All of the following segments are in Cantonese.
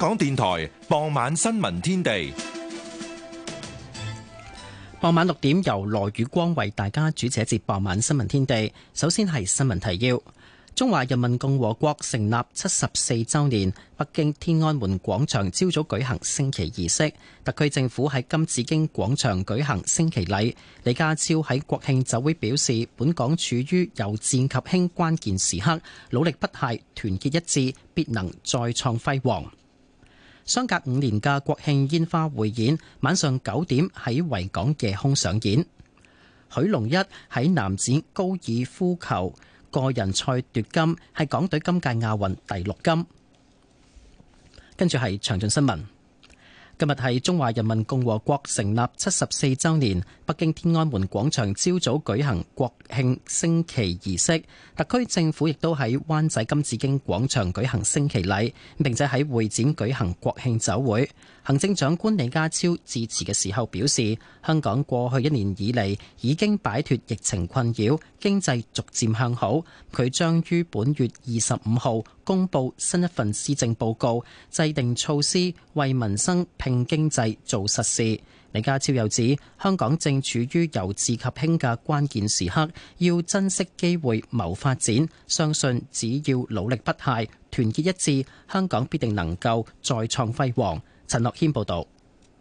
港電台傍晚新聞天地，傍晚六點由羅宇光為大家主持。一節傍晚新聞天地，首先係新聞提要：中華人民共和國成立七十四周年，北京天安門廣場朝早舉行升旗儀式，特區政府喺金紫荊廣場舉行升旗禮。李家超喺國慶酒會表示，本港處於由戰及興關鍵時刻，努力不懈，團結一致，必能再創輝煌。相隔五年嘅國慶煙花匯演，晚上九點喺維港夜空上演。許龍一喺男子高爾夫球個人賽奪金，係港隊今屆亞運第六金。跟住係詳盡新聞。今日係中華人民共和國成立七十四周年，北京天安門廣場朝早舉行國慶升旗儀式，特區政府亦都喺灣仔金紫荊廣場舉行升旗禮，並且喺會展舉行國慶酒會。行政長官李家超致辭嘅時候表示，香港過去一年以嚟已經擺脫疫情困擾，經濟逐漸向好。佢將於本月二十五號公布新一份施政報告，制定措施為民生、拼經濟做實事。李家超又指，香港正處於由治及興嘅關鍵時刻，要珍惜機會謀發展，相信只要努力不懈、團結一致，香港必定能夠再創輝煌。陳諾軒報道，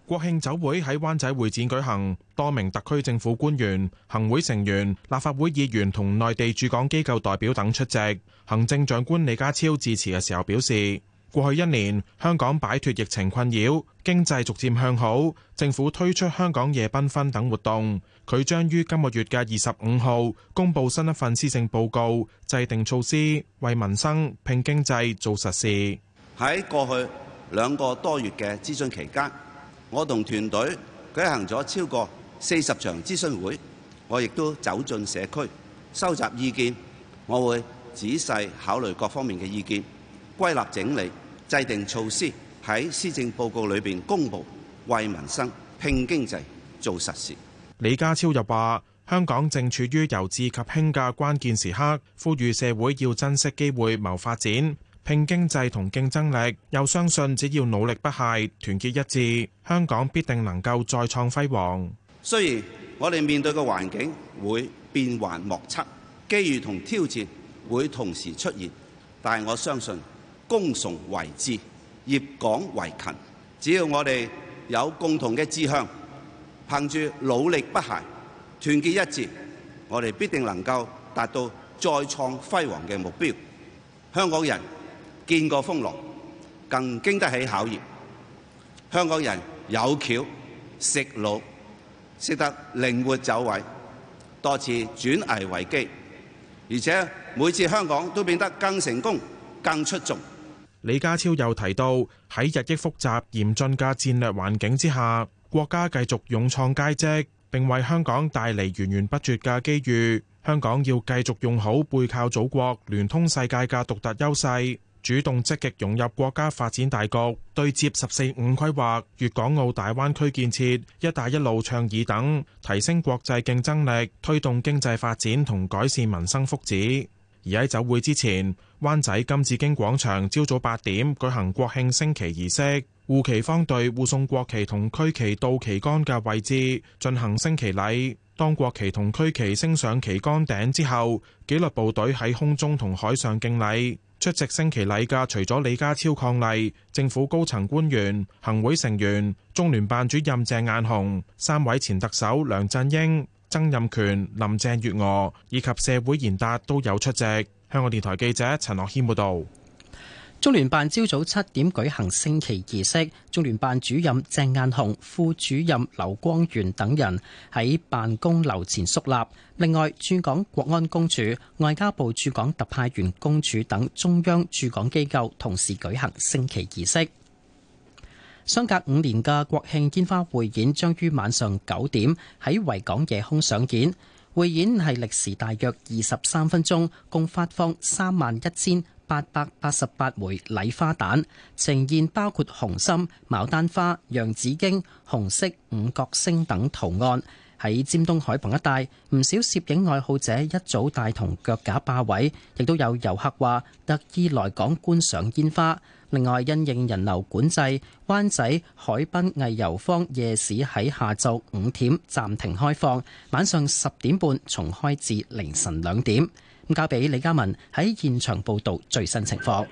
國慶酒會喺灣仔會展舉行，多名特區政府官員、行會成員、立法會議員同內地駐港機構代表等出席。行政長官李家超致辭嘅時候表示，過去一年香港擺脫疫情困擾，經濟逐漸向好，政府推出香港夜繽紛等活動。佢將於今個月嘅二十五號公布新一份施政報告，制定措施為民生、拼經濟做實事。喺過去。兩個多月嘅諮詢期間，我同團隊舉行咗超過四十場諮詢會，我亦都走進社區收集意見，我會仔細考慮各方面嘅意見，歸納整理，制定措施喺施政報告裏邊公布，為民生拼經濟做實事。李家超又話：香港正處於由治及興嘅關鍵時刻，呼籲社會要珍惜機會謀發展。拼經濟同競爭力，又相信只要努力不懈、團結一致，香港必定能夠再創輝煌。雖然我哋面對嘅環境會變幻莫測，機遇同挑戰會同時出現，但我相信功崇惟志，業廣惟勤。只要我哋有共同嘅志向，憑住努力不懈、團結一致，我哋必定能夠達到再創輝煌嘅目標。香港人，見過風浪，更經得起考驗。香港人有橋食路，識得靈活走位，多次轉危為機，而且每次香港都變得更成功、更出眾。李家超又提到喺日益複雜嚴峻嘅戰略環境之下，國家繼續勇創佳績，並為香港帶嚟源源不絕嘅機遇。香港要繼續用好背靠祖國、聯通世界嘅獨特優勢。主動積極融入國家發展大局，對接十四五規劃、粵港澳大灣區建設、一帶一路倡議等，提升國際競爭力，推動經濟發展同改善民生福祉。而喺酒會之前，灣仔金紫荊廣場朝早八點舉行國慶升旗儀式，護旗方隊護送國旗同區旗到旗杆嘅位置進行升旗禮。當國旗同區旗升上旗杆頂之後，紀律部隊喺空中同海上敬禮。出席升旗禮嘅除咗李家超伉儷、政府高層官員、行會成員、中聯辦主任鄭雁雄，三位前特首梁振英、曾蔭權、林鄭月娥以及社會賢達都有出席。香港電台記者陳樂軒報道。中聯辦朝早七點舉行升旗儀式，中聯辦主任鄭雁雄、副主任劉光源等人喺辦公樓前肅立。另外，駐港國安公署、外交部駐港特派員公署等中央駐港機構同時舉行升旗儀式。相隔五年嘅國慶煙花匯演將於晚上九點喺維港夜空上演。匯演係歷時大約二十三分鐘，共發放三萬一千。八百八十八枚禮花彈呈現，包括紅心、牡丹花、洋紫荊、紅色五角星等圖案。喺尖東海旁一帶，唔少攝影愛好者一早帶同腳架霸位，亦都有遊客話特意來港觀賞煙花。另外，因應人流管制，灣仔海濱藝遊坊夜市喺下晝五點暫停開放，晚上十點半重開至凌晨兩點。交俾李嘉文喺現場報道最新情況。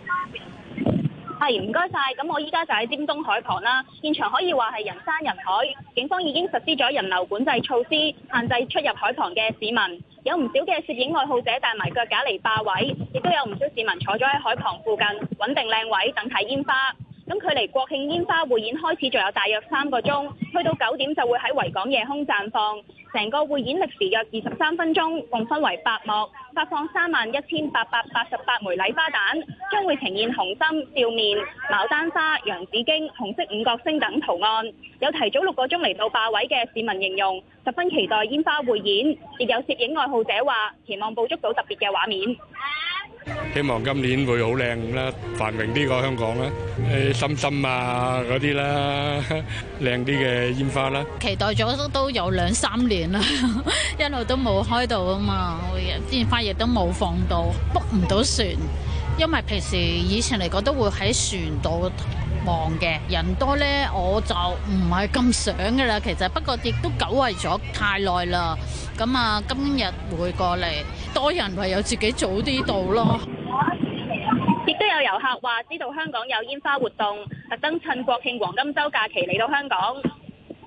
係，唔該晒。咁我依家就喺尖東海旁啦。現場可以話係人山人海，警方已經實施咗人流管制措施，限制出入海旁嘅市民。有唔少嘅攝影愛好者帶埋腳架嚟霸位，亦都有唔少市民坐咗喺海旁附近，穩定靚位等睇煙花。咁距離國慶煙花匯演開始，仲有大約三個鐘，去到九點就會喺維港夜空綻放。成個匯演歷時約二十三分鐘，共分為八幕，發放三萬一千八百八十八枚禮花彈，將會呈現紅心、笑面、牡丹花、洋紫荊、紅色五角星等圖案。有提早六個鐘嚟到霸位嘅市民形容十分期待煙花匯演，亦有攝影愛好者話期望捕捉到特別嘅畫面。希望今年會好靚啦，繁榮啲個香港啦，誒、欸，心心啊嗰啲啦，靚啲嘅煙花啦。期待咗都有兩三年啦， 一路都冇開到啊嘛，煙花亦都冇放到，book 唔到船。因為平時以前嚟講都會喺船度望嘅，人多呢我就唔係咁想噶啦。其實不過亦都久違咗太耐啦，咁、嗯、啊今日會過嚟，多人唯有自己早啲到咯。亦都有遊客話知道香港有煙花活動，特登趁國慶黃金週假期嚟到香港。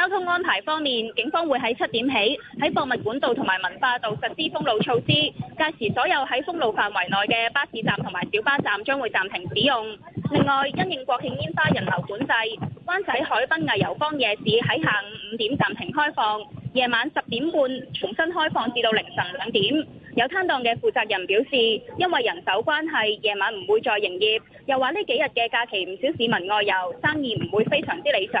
交通安排方面，警方會喺七點起喺博物館道同埋文化道實施封路措施，屆時所有喺封路範圍內嘅巴士站同埋小巴站將會暫停使用。另外，因應國慶煙花人流管制，灣仔海濱藝遊坊夜市喺下午五點暫停開放，夜晚十點半重新開放至到凌晨兩點。有攤檔嘅負責人表示，因為人手關係，夜晚唔會再營業。又話呢幾日嘅假期唔少市民外遊，生意唔會非常之理想。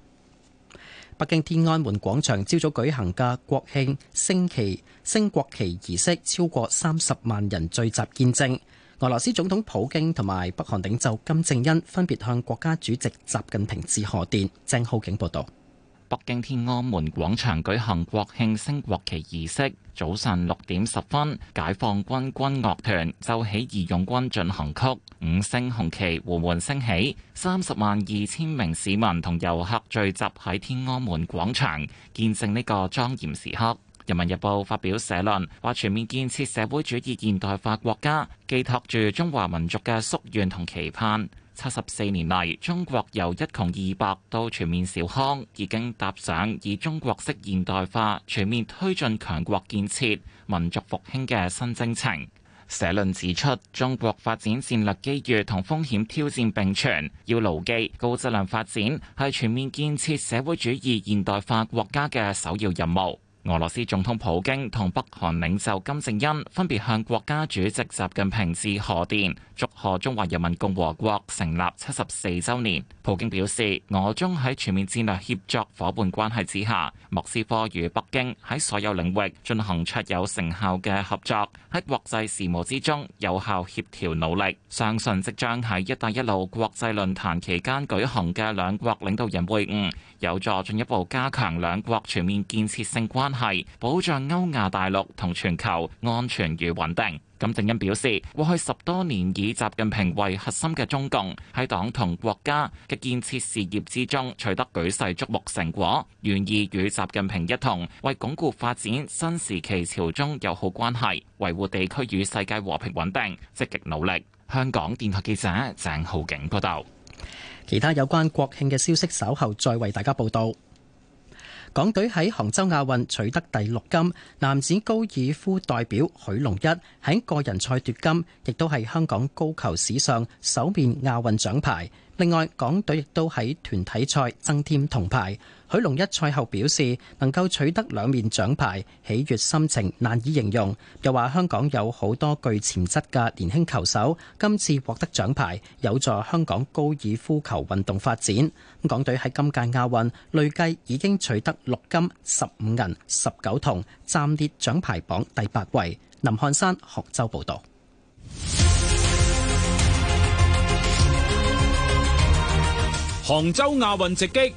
北京天安門廣場朝早舉行嘅國慶升旗升國旗儀式，超過三十萬人聚集見證。俄羅斯總統普京同埋北韓領袖金正恩分別向國家主席習近平致賀電。鄭浩景報道。北京天安門廣場舉行國慶升國旗儀式，早上六點十分，解放軍軍樂團奏起義勇軍進行曲，五星紅旗緩緩升起。三十萬二千名市民同遊客聚集喺天安門廣場，見證呢個莊嚴時刻。《人民日報》發表社論，話全面建設社會主義現代化國家，寄托住中華民族嘅夙願同期盼。七十四年嚟，中國由一窮二白到全面小康，已經踏上以中國式現代化、全面推進強國建設、民族復興嘅新征程。社論指出，中國發展戰略機遇同風險挑戰並存，要牢記：「高質量發展係全面建設社會主義現代化國家嘅首要任務。」俄羅斯總統普京同北韓領袖金正恩分別向國家主席習近平致賀電，祝賀中華人民共和國成立七十四週年。普京表示，俄中喺全面戰略協作夥伴關係之下，莫斯科與北京喺所有領域進行卓有成效嘅合作，喺國際事務之中有效協調努力。相信即將喺「一帶一路」國際論壇期間舉行嘅兩國領導人會晤，有助進一步加強兩國全面建設性關係。係保障歐亞大陸同全球安全與穩定。金正恩表示，過去十多年以習近平為核心嘅中共喺黨同國家嘅建設事業之中取得舉世矚目成果，願意與習近平一同為鞏固發展新時期朝中友好關係、維護地區與世界和平穩定，積極努力。香港電台記者鄭浩景報道。其他有關國慶嘅消息，稍後再為大家報道。港隊喺杭州亞運取得第六金，男子高爾夫代表許龍一喺個人賽奪金，亦都係香港高球史上首面亞運獎牌。另外，港隊亦都喺團體賽增添銅牌。許龍一賽後表示，能夠取得兩面獎牌，喜悅心情難以形容。又話香港有好多具潛質嘅年輕球手，今次獲得獎牌，有助香港高爾夫球運動發展。港隊喺今屆亞運累計已經取得六金、十五銀、十九銅，暫列獎牌榜第八位。林漢山、杭州報導。杭州亞運直擊，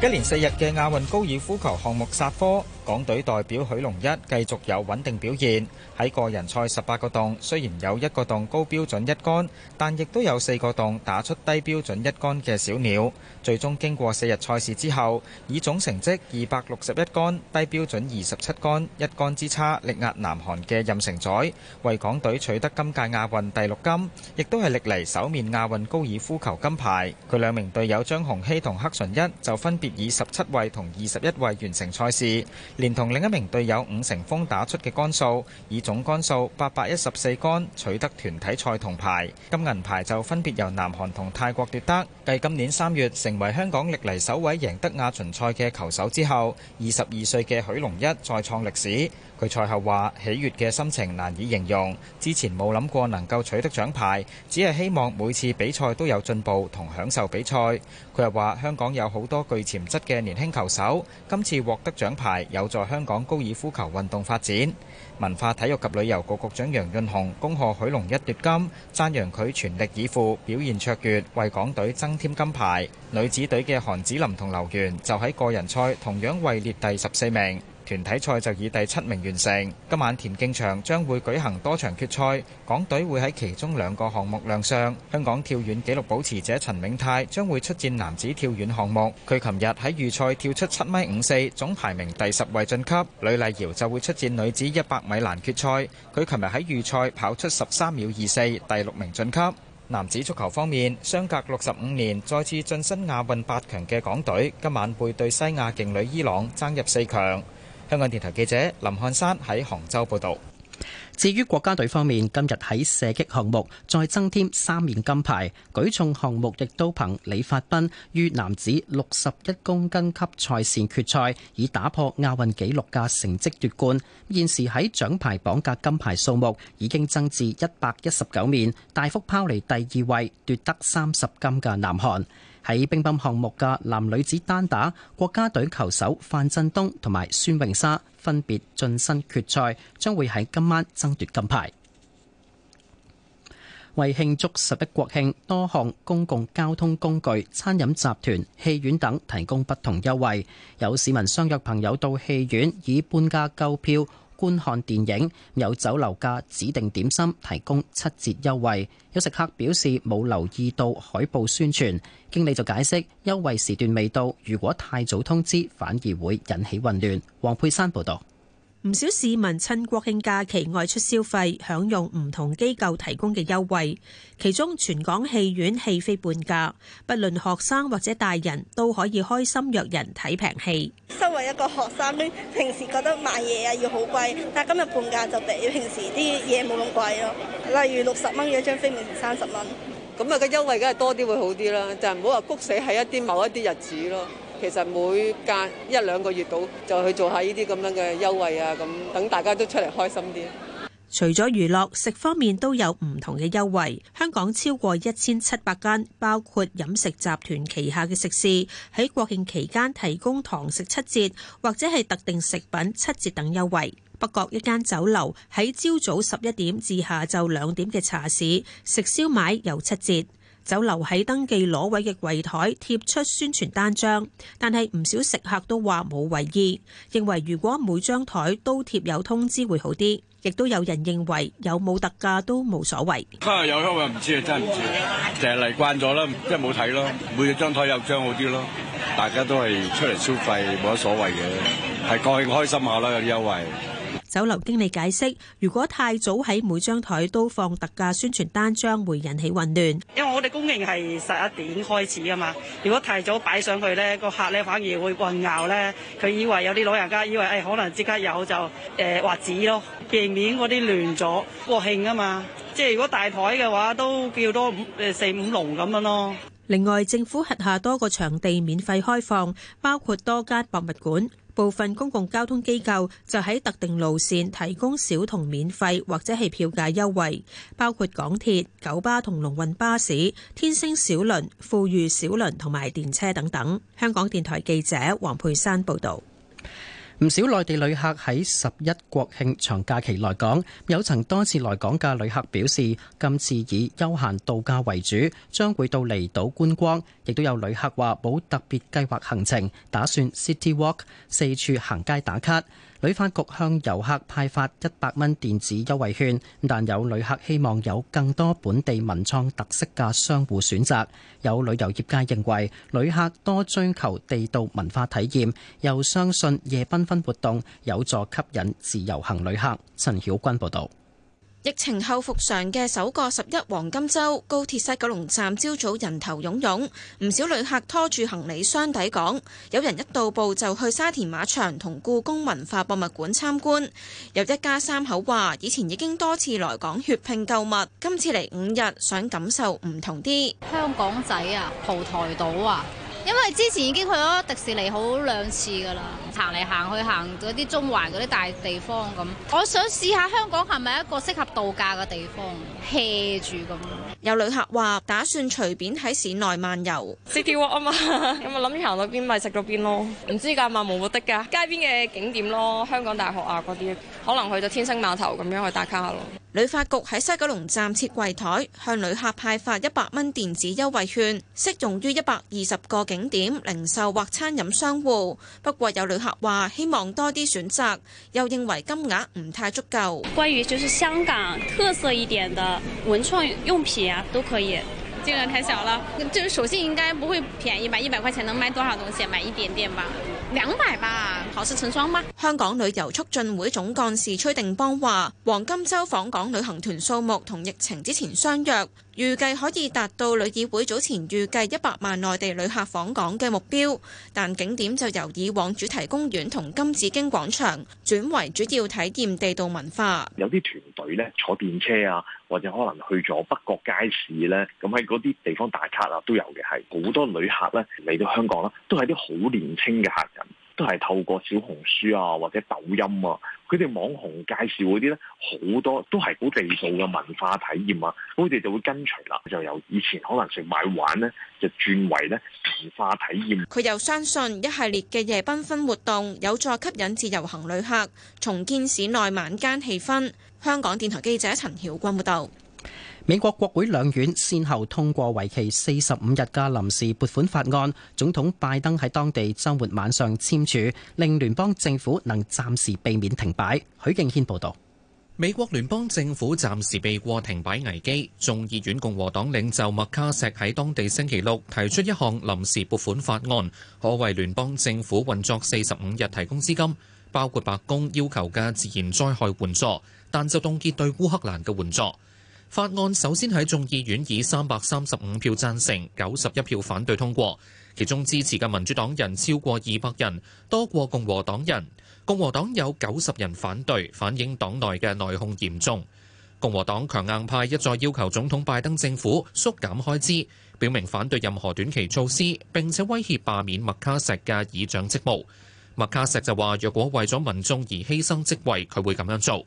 一連四日嘅亞運高爾夫球項目殺科。港隊代表許龍一繼續有穩定表現，喺個人賽十八個洞，雖然有一個洞高標準一杆，但亦都有四個洞打出低標準一杆嘅小鳥。最終經過四日賽事之後，以總成績二百六十一杆、低標準二十七杆、一杆之差力壓南韓嘅任成宰，為港隊取得今屆亞運第六金，亦都係歷嚟首面亞運高爾夫球金牌。佢兩名隊友張鴻熙同黑純一就分別以十七位同二十一位完成賽事。連同另一名隊友伍成峰打出嘅杆數，以總杆數八百一十四杆取得團體賽銅牌，金銀牌就分別由南韓同泰國奪得。繼今年三月成為香港歷嚟首位贏得亞巡賽嘅球手之後，二十二歲嘅許龍一再創歷史。佢賽後話：喜悦嘅心情難以形容。之前冇諗過能夠取得獎牌，只係希望每次比賽都有進步同享受比賽。佢又話：香港有好多具潛質嘅年輕球手，今次獲得獎牌有助香港高爾夫球運動發展。文化體育及旅遊局局長楊潤雄恭賀許龍一奪金，讚揚佢全力以赴，表現卓越，為港隊增添金牌。女子隊嘅韓子琳同劉源就喺個人賽同樣位列第十四名。團體賽就以第七名完成。今晚田徑場將會舉行多場決賽，港隊會喺其中兩個項目亮相。香港跳遠紀錄保持者陳銘泰將會出戰男子跳遠項目，佢琴日喺預賽跳出七米五四，總排名第十位晉級。呂麗瑤就會出戰女子一百米欄決賽，佢琴日喺預賽跑出十三秒二四，第六名晉級。男子足球方面，相隔六十五年再次晉身亞運八強嘅港隊，今晚背對西亞勁旅伊朗，爭入四強。香港電台記者林漢山喺杭州報道。至於國家隊方面，今日喺射擊項目再增添三面金牌，舉重項目亦都憑李發彬於男子六十一公斤級賽事決賽，以打破亞運紀錄嘅成績奪冠。現時喺獎牌榜嘅金牌數目已經增至一百一十九面，大幅拋離第二位奪得三十金嘅南韓。喺乒乓項目嘅男女子單打，國家隊球手范振東同埋孫穎莎分別晉身決賽，將會喺今晚爭奪金牌。為慶祝十一國慶，多項公共交通工具、餐飲集團、戲院等提供不同優惠，有市民相約朋友到戲院以半價購票。觀看電影有酒樓價指定點心提供七折優惠，有食客表示冇留意到海報宣傳，經理就解釋優惠時段未到，如果太早通知反而會引起混亂。黃佩珊報導。唔少市民趁國慶假期外出消費，享用唔同機構提供嘅優惠。其中全港戲院戲飛半價，不論學生或者大人都可以開心約人睇平戲。身為一個學生，都平時覺得買嘢啊要好貴，但係今日半價就比平時啲嘢冇咁貴咯。例如六十蚊嘅張飛變成三十蚊。咁啊，個優惠梗係多啲會好啲啦，就唔好話谷死喺一啲某一啲日子咯。其實每隔一兩個月度就去做下呢啲咁樣嘅優惠啊，咁等大家都出嚟開心啲。除咗娛樂，食方面都有唔同嘅優惠。香港超過一千七百間，包括飲食集團旗下嘅食肆，喺國慶期間提供堂食七折，或者係特定食品七折等優惠。不過一間酒樓喺朝早十一點至下晝兩點嘅茶市，食燒賣有七折。酒樓喺登記攞位嘅櫃台貼出宣傳單張，但係唔少食客都話冇為意，認為如果每張台都貼有通知會好啲。亦都有人認為有冇特價都冇所謂。有優惠唔知啊，真係唔知。淨係嚟慣咗啦，即係冇睇咯。每個張台有張好啲咯。大家都係出嚟消費冇乜所謂嘅，係國慶開心下啦，有啲優惠。酒樓經理解釋：如果太早喺每張枱都放特價宣傳單，將會引起混亂。因為我哋供應係十一點開始啊嘛，如果太早擺上去，咧，個客咧反而會混淆咧，佢以為有啲老人家以為誒、哎、可能即刻有就誒劃紙咯，避免嗰啲亂咗。國慶啊嘛，即係如果大枱嘅話，都叫多五誒、呃、四五籠咁樣咯。另外，政府轄下多個場地免費開放，包括多間博物館，部分公共交通機構就喺特定路綫提供小童免費或者係票價優惠，包括港鐵、九巴同龍運巴士、天星小輪、富裕小輪同埋電車等等。香港電台記者黃佩珊報道。唔少內地旅客喺十一國慶長假期來港，有曾多次來港嘅旅客表示，今次以休閒度假為主，將會到離島觀光。亦都有旅客話冇特別計劃行程，打算 city walk，四處行街打卡。旅發局向遊客派發一百蚊電子優惠券，但有旅客希望有更多本地文創特色嘅商戶選擇。有旅遊業界認為，旅客多追求地道文化體驗，又相信夜繽紛活動有助吸引自由行旅客。陳曉君報導。疫情後復常嘅首個十一黃金週，高鐵西九龍站朝早人頭湧湧，唔少旅客拖住行李箱抵港，有人一到步就去沙田馬場同故宮文化博物館參觀。有一家三口話：以前已經多次來港血拼購物，今次嚟五日想感受唔同啲。香港仔啊，蒲台島啊。因為之前已經去咗迪士尼好兩次㗎啦，行嚟行去行嗰啲中環嗰啲大地方咁，我想試下香港係咪一個適合度假嘅地方，hea 住咁。有旅客話打算隨便喺市內漫遊，city walk 啊嘛，咁啊諗住行到邊咪食到邊咯，唔知㗎，嘛，冇目的㗎、啊，街邊嘅景點咯，香港大學啊嗰啲，可能去到天星碼頭咁樣去打卡下咯。旅發局喺西九龍站設櫃台，向旅客派發一百蚊電子優惠券，適用於一百二十個景點、零售或餐飲商戶。不過有旅客話希望多啲選擇，又認為金額唔太足夠。關於就是香港特色一點的文創用品啊，都可以。金額太小了，就是手信應該不會便宜吧？一百塊錢能買多少東西？買一點點吧。兩百吧，好事成雙嘛？香港旅遊促進會總幹事崔定邦話：黃金周訪港旅行團數目同疫情之前相若。預計可以達到旅議會早前預計一百萬內地旅客訪港嘅目標，但景點就由以往主題公園同金紫荊廣場轉為主要體驗地道文化。有啲團隊咧坐電車啊，或者可能去咗北角街市咧，咁喺嗰啲地方打卡啊都有嘅，係好多旅客咧嚟到香港啦，都係啲好年輕嘅客人。都係透過小紅書啊，或者抖音啊，佢哋網紅介紹嗰啲呢，好多都係好地道嘅文化體驗啊，咁佢哋就會跟隨啦，就由以前可能食買玩呢，就轉為呢文化體驗。佢又相信一系列嘅夜繽紛活動有助吸引自由行旅客，重建市內晚間氣氛。香港電台記者陳曉君報道。美國國會兩院先後通過為期四十五日嘅臨時撥款法案，總統拜登喺當地周末晚上簽署，令聯邦政府能暫時避免停擺。許敬軒報道：美國聯邦政府暫時避過停擺危機。眾議院共和黨領袖麥卡錫喺當地星期六提出一項臨時撥款法案，可為聯邦政府運作四十五日提供資金，包括白宮要求嘅自然災害援助，但就凍結對烏克蘭嘅援助。法案首先喺眾議院以三百三十五票贊成、九十一票反對通過，其中支持嘅民主黨人超過二百人，多過共和黨人。共和黨有九十人反對，反映黨內嘅內訌嚴重。共和黨強硬派一再要求總統拜登政府縮減開支，表明反對任何短期措施，並且威脅罷免麥卡錫嘅議長職務。麥卡錫就話：若果為咗民眾而犧牲職位，佢會咁樣做。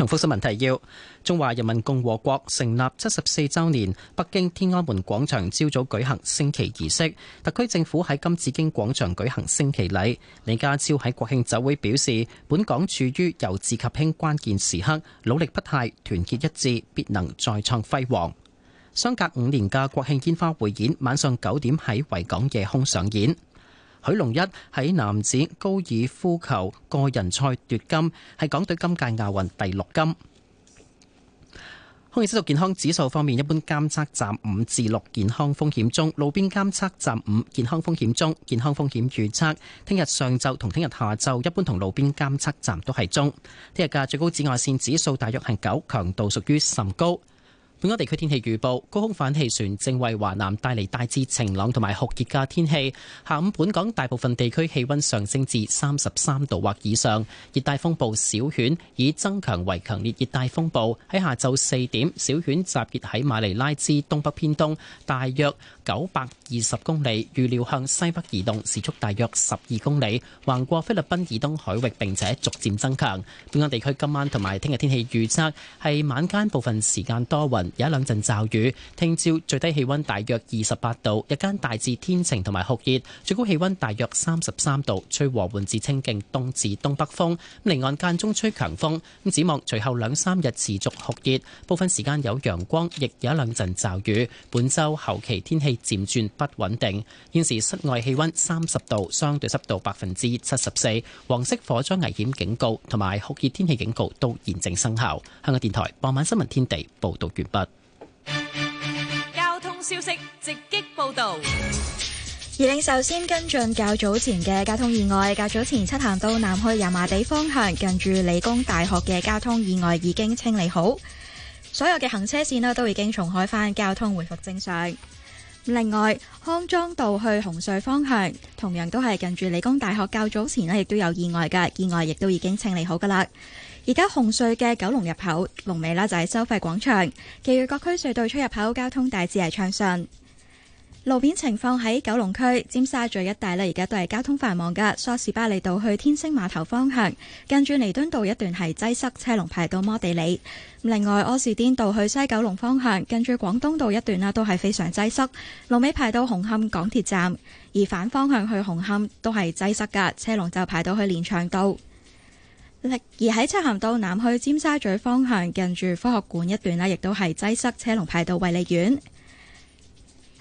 重複新聞提要：中華人民共和國成立七十四週年，北京天安門廣場朝早舉行升旗儀式，特區政府喺金紫荊廣場舉行升旗禮。李家超喺國慶酒會表示，本港處於由治及興關鍵時刻，努力不懈，團結一致，必能再創輝煌。相隔五年嘅國慶煙花匯演，晚上九點喺維港夜空上演。許龍一喺男子高爾夫球個人賽奪金，係港隊今屆亞運第六金。空氣質素健康指數方面，一般監測站五至六健康風險中，路邊監測站五健康風險中，健康風險預測聽日上晝同聽日下晝一般同路邊監測站都係中。聽日嘅最高紫外線指數大約係九，強度屬於甚高。本港地區天氣預報，高空反氣旋正為華南帶嚟大致晴朗同埋酷熱嘅天氣，下午本港大部分地區氣溫上升至三十三度或以上。熱帶風暴小犬已增強為強烈熱帶風暴，喺下晝四點小犬集結喺馬尼拉之東北偏東大約九百二十公里，預料向西北移動時速大約十二公里，橫過菲律賓以東海域，並且逐漸增強。本港地區今晚同埋聽日天氣預測係晚間部分時間多雲。有一兩陣驟雨，聽朝最低氣溫大約二十八度，日間大致天晴同埋酷熱，最高氣溫大約三十三度，吹和緩至清勁東至東北風，咁離岸間中吹強風。指望隨後兩三日持續酷熱，部分時間有陽光，亦有一兩陣驟雨。本周後期天氣漸轉不穩定。現時室外氣溫三十度，相對濕度百分之七十四，黃色火災危險警告同埋酷熱天氣警告都現正生效。香港電台傍晚新聞天地報道完畢。交通消息直擊報道。而令首先跟進較早前嘅交通意外，較早前漆咸道南去油麻地方向近住理工大學嘅交通意外已經清理好，所有嘅行車線呢都已經重開返，交通回復正常。另外，康莊道去紅隧方向同樣都係近住理工大學較早前呢亦都有意外嘅，意外亦都已經清理好噶啦。而家紅隧嘅九龍入口龍尾啦，就係收費廣場。其餘各區隧道出入口交通大致係暢順。路面情況喺九龍區尖沙咀一帶咧，而家都係交通繁忙噶。梳士巴利道去天星碼頭方向，近住彌敦道一段係擠塞，車龍排到摩地里。另外，柯士甸道去西九龍方向，近住廣東道一段啦，都係非常擠塞，龍尾排到紅磡港鐵站。而反方向去紅磡都係擠塞噶，車龍就排到去連翔道。而喺漆咸道南去尖沙咀方向，近住科學館一段啦，亦都係擠塞，車龍排到惠利院。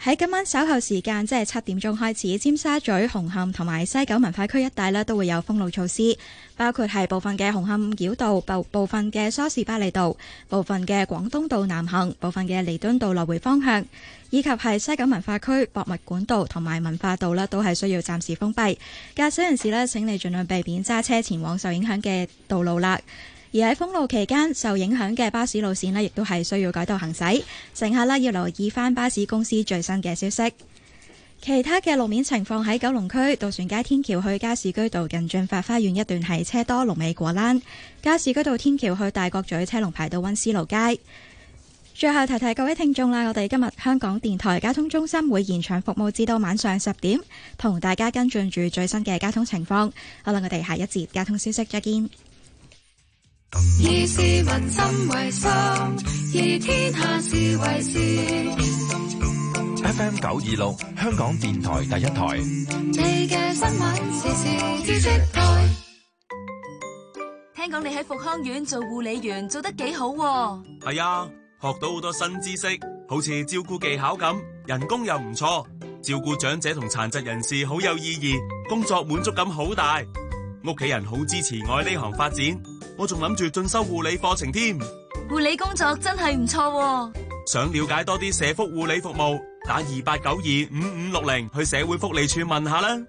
喺今晚稍後時間，即係七點鐘開始，尖沙咀紅磡同埋西九文化區一帶呢，都會有封路措施，包括係部分嘅紅磡繞道、部分嘅梳士巴利道、部分嘅廣東道南行、部分嘅彌敦道來回方向，以及係西九文化區博物館道同埋文化道呢，都係需要暫時封閉。駕駛人士呢，請你盡量避免揸車前往受影響嘅道路啦。而喺封路期間，受影響嘅巴士路線呢，亦都係需要改道行駛。乘客呢，要留意返巴士公司最新嘅消息。其他嘅路面情況，喺九龍區渡船街天橋去加士居道近進發花園一段係車多龍尾果欄，加士居道天橋去大角咀車龍排到溫思路街。最後提提各位聽眾啦，我哋今日香港電台交通中心會延長服務至到晚上十點，同大家跟進住最新嘅交通情況。好啦，我哋下一節交通消息，再見。以市民心為心，以天下事為事。 FM 九二六，香港電台第一台。你嘅新聞時事知識台，聽講你喺福康苑做護理員做得幾好、啊？係啊，學到好多新知識，好似照顧技巧咁，人工又唔錯，照顧長者同殘疾人士好有意義，工作滿足感好大，屋企人好支持我喺呢行發展。我仲諗住進修護理課程添，護理工作真係唔錯。想了解多啲社福護理服務，打二八九二五五六零去社會福利署問下啦。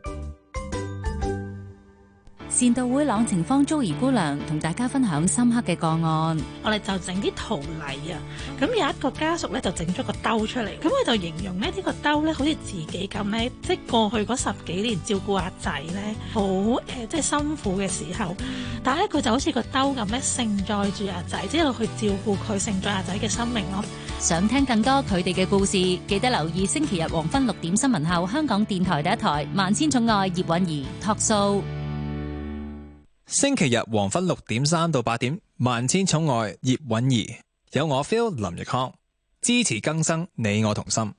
善道會朗晴芳祖兒姑娘同大家分享深刻嘅個案。我哋就整啲圖例啊，咁有一個家屬咧就整咗個兜出嚟，咁佢就形容咧呢個兜咧好似自己咁咧，即係過去嗰十幾年照顧阿仔咧，好誒，即係辛苦嘅時候。但係咧佢就好似個兜咁咧承載住阿仔，之後去照顧佢承載阿仔嘅生命咯。想聽更多佢哋嘅故事，記得留意星期日黃昏六點新聞後，香港電台第一台《萬千寵愛葉韻儀》托數。星期日黃昏六點三到八點，萬千寵愛葉蘊儀有我 feel 林奕匡，支持更生，你我同心。